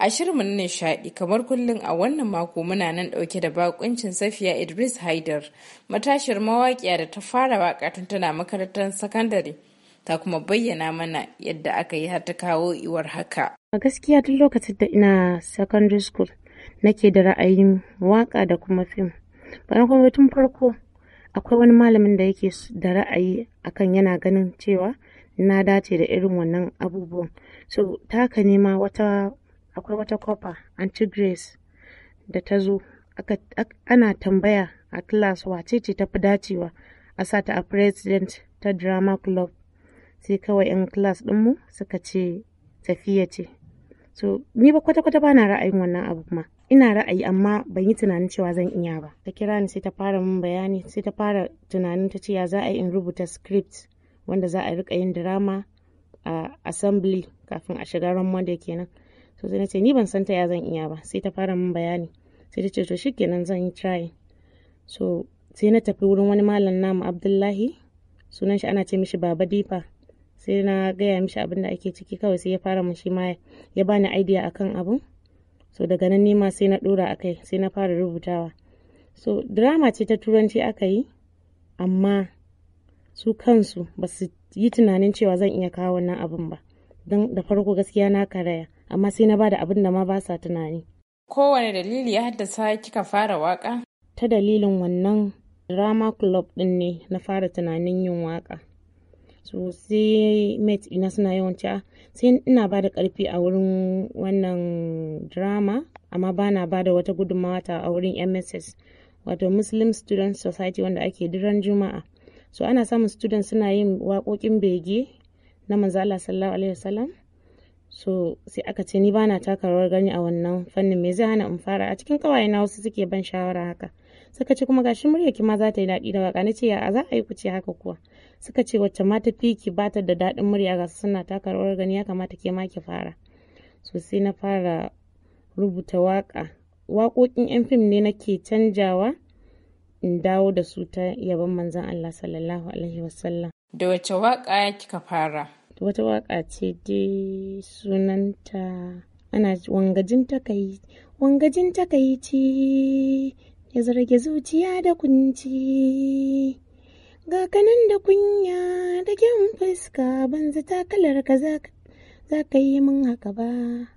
A shirin na nishaɗi kamar kullum a wannan mako muna nan dauke da bakuncin Safiya Idris Haidar, matashiyar mawaƙiya da ta fara waƙa tun tana makarantar sakandare. Ta kuma bayyana mana yadda aka yi har ta kawo iwar haka. A gaskiya duk lokacin da ina secondary school nake da ra'ayin waka da kuma fim. Bayan kuma tun farko akwai wani malamin da yake da ra'ayi akan yana ganin cewa na dace da irin wannan abubuwan. So ta ka nema wata akwai wata kofa grace da ta zo ana tambaya a class wace ce ta fi dacewa a sata a president ta drama club sai kawai 'yan class ɗinmu suka ce tafiya ce so ni ba kwata-kwata ba na ra'ayin wannan abu ma ina ra'ayi amma ban yi tunanin cewa zan iya ba ta kira ni sai ta fara min bayani sai ta fara tunanin ta ce ya za a yi in rubuta script wanda za a rika yin drama a assembly kafin a shiga ran monday kenan to sai na ce ni ban san ta ya zan iya ba sai ta fara min bayani sai ta ce to kenan zan yi try so sai na tafi wurin wani malam namu Abdullahi sunan shi ana ce mishi Baba Difa sai na gaya mishi abin da ake ciki kawai sai ya fara min shi ma ya bani idea akan abun so daga nan nema sai na dora akai sai na fara rubutawa so drama ce ta turanci aka yi amma su kansu ba su yi tunanin cewa zan iya kawo wannan abin ba don da farko gaskiya na karaya amma sai na bada abin da ma ba sa tunani kowane dalili ya haddasa kika fara waka ta dalilin wannan drama club din ne na fara tunanin yin waka so sai mate ina suna yawan cewa sai ina ba da karfi a wurin wannan drama amma ba na ba da wata gudunmawa ta a wurin mss wato muslim student society wanda ake diran juma'a so ana samun students suna yin waƙoƙin bege na manzala sallallahu alaihi wasallam so sai aka ce ni bana taka rawar gani a wannan fannin me zai hana in fara a cikin kawaye na wasu suke ban shawara haka suka ce kuma gashi murya ki ma za ta yi daɗi da waka nace ya za a yi kuce ce haka kuwa suka ce wacce ma ta fiki ba ta da daɗin murya ga suna taka rawar gani ya kamata ke ma ki fara so sai na fara rubuta waka waƙoƙin yan fim ne nake canjawa in dawo da su ta yabon manzon Allah sallallahu alaihi wasallam da wacce waka kika fara wata waka ce dai sunanta ana wangajin takai wangajin takaici ya zarge zuciya da kunci ga kanan da kunya da kyan fuska ban zata kalar ka za ka yi min haka ba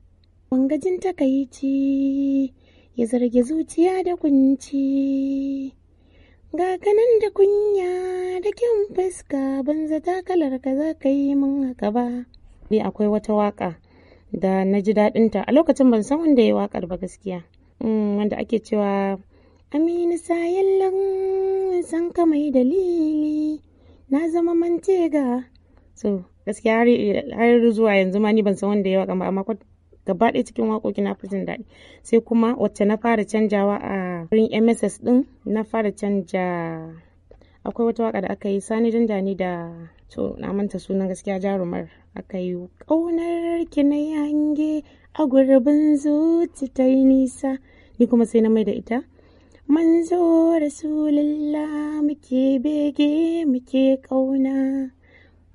wangajin takaici ya zarge zuciya da kunci ga kanan da kunya da kyan fuska banza kalar ka za ka yi min haka ba ni akwai wata waka da na ji daɗinta a lokacin ban san wanda ya wakar ba gaskiya mm, wanda ake cewa aminu sayallan san ka mai dalili na zama mantega so gaskiya har zuwa yanzu ma ni ban san wanda ya waƙa ba amma gaba ɗaya cikin waƙoƙi na fi jin daɗi sai kuma wacce na fara canjawa a wurin mss ɗin na fara canja akwai wata waka da aka yi sani janjani da to na manta sunan gaskiya jarumar aka yi ƙaunar ki na yange a gurbin zuci ta yi nisa ni kuma sai na mai da ita manzo rasulullah muke bege muke ƙauna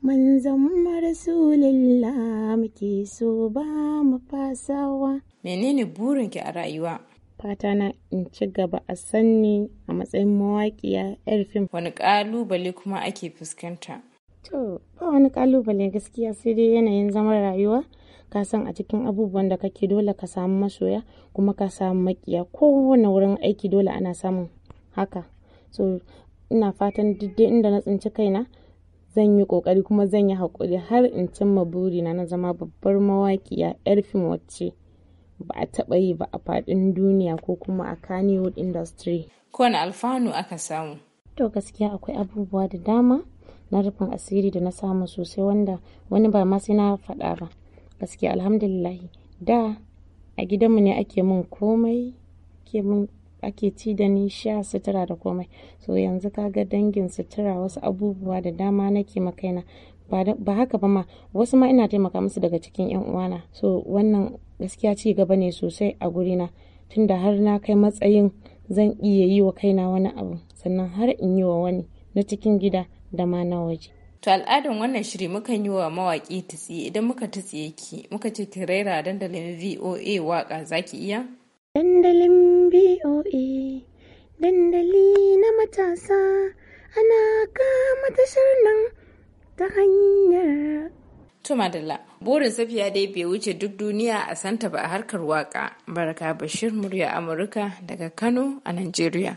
manzon rasulillah muke so ba mu fasawa menene burinki a rayuwa fata na in ci gaba a sanni a matsayin mawaƙiya yar fim wani ƙalubale kuma ake fuskanta to ba wani ƙalubale gaskiya sai dai yanayin zaman rayuwa ka san a cikin abubuwan da kake dole ka samu masoya kuma ka samu makiya kowane wurin aiki dole ana samun haka so ina fatan duk inda na tsinci kaina zan yi ƙoƙari kuma zan yi haƙuri har in cimma buri na na zama babbar mawaƙiya 'yar fim wacce ba a taɓa yi ba a faɗin duniya ko kuma a Kannywood industry. na alfanu aka samu? To gaskiya akwai abubuwa da dama na rufin asiri da na samu sosai wanda wani ba ma sai na faɗa ba. Gaskiya alhamdulillah da a gidanmu ne ake mun komai ke mun ake ci da ni sha sutura da komai so yanzu kaga dangin sutura wasu abubuwa da dama nake makaina ba haka ba ma wasu ma ina taimaka musu daga cikin yan uwana so wannan gaskiya ci gaba ne sosai a gurina tunda har na kai matsayin zan iya yi wa kaina wani abu sannan har in yi wa wani na cikin gida da ma na waje To al'adan wannan shiri mukan yi wa mawaƙi tsiye idan muka tsiye ki muka ce ki raira dandalin VOA waƙa zaki iya? Dandalin BOA dandali na matasa ana kama tashar nan ta hanyar. Tumadala, burin safiya dai bai wuce duk duniya a santa ba a harkar waka. Baraka Bashir murya Amurka daga Kano a Najeriya.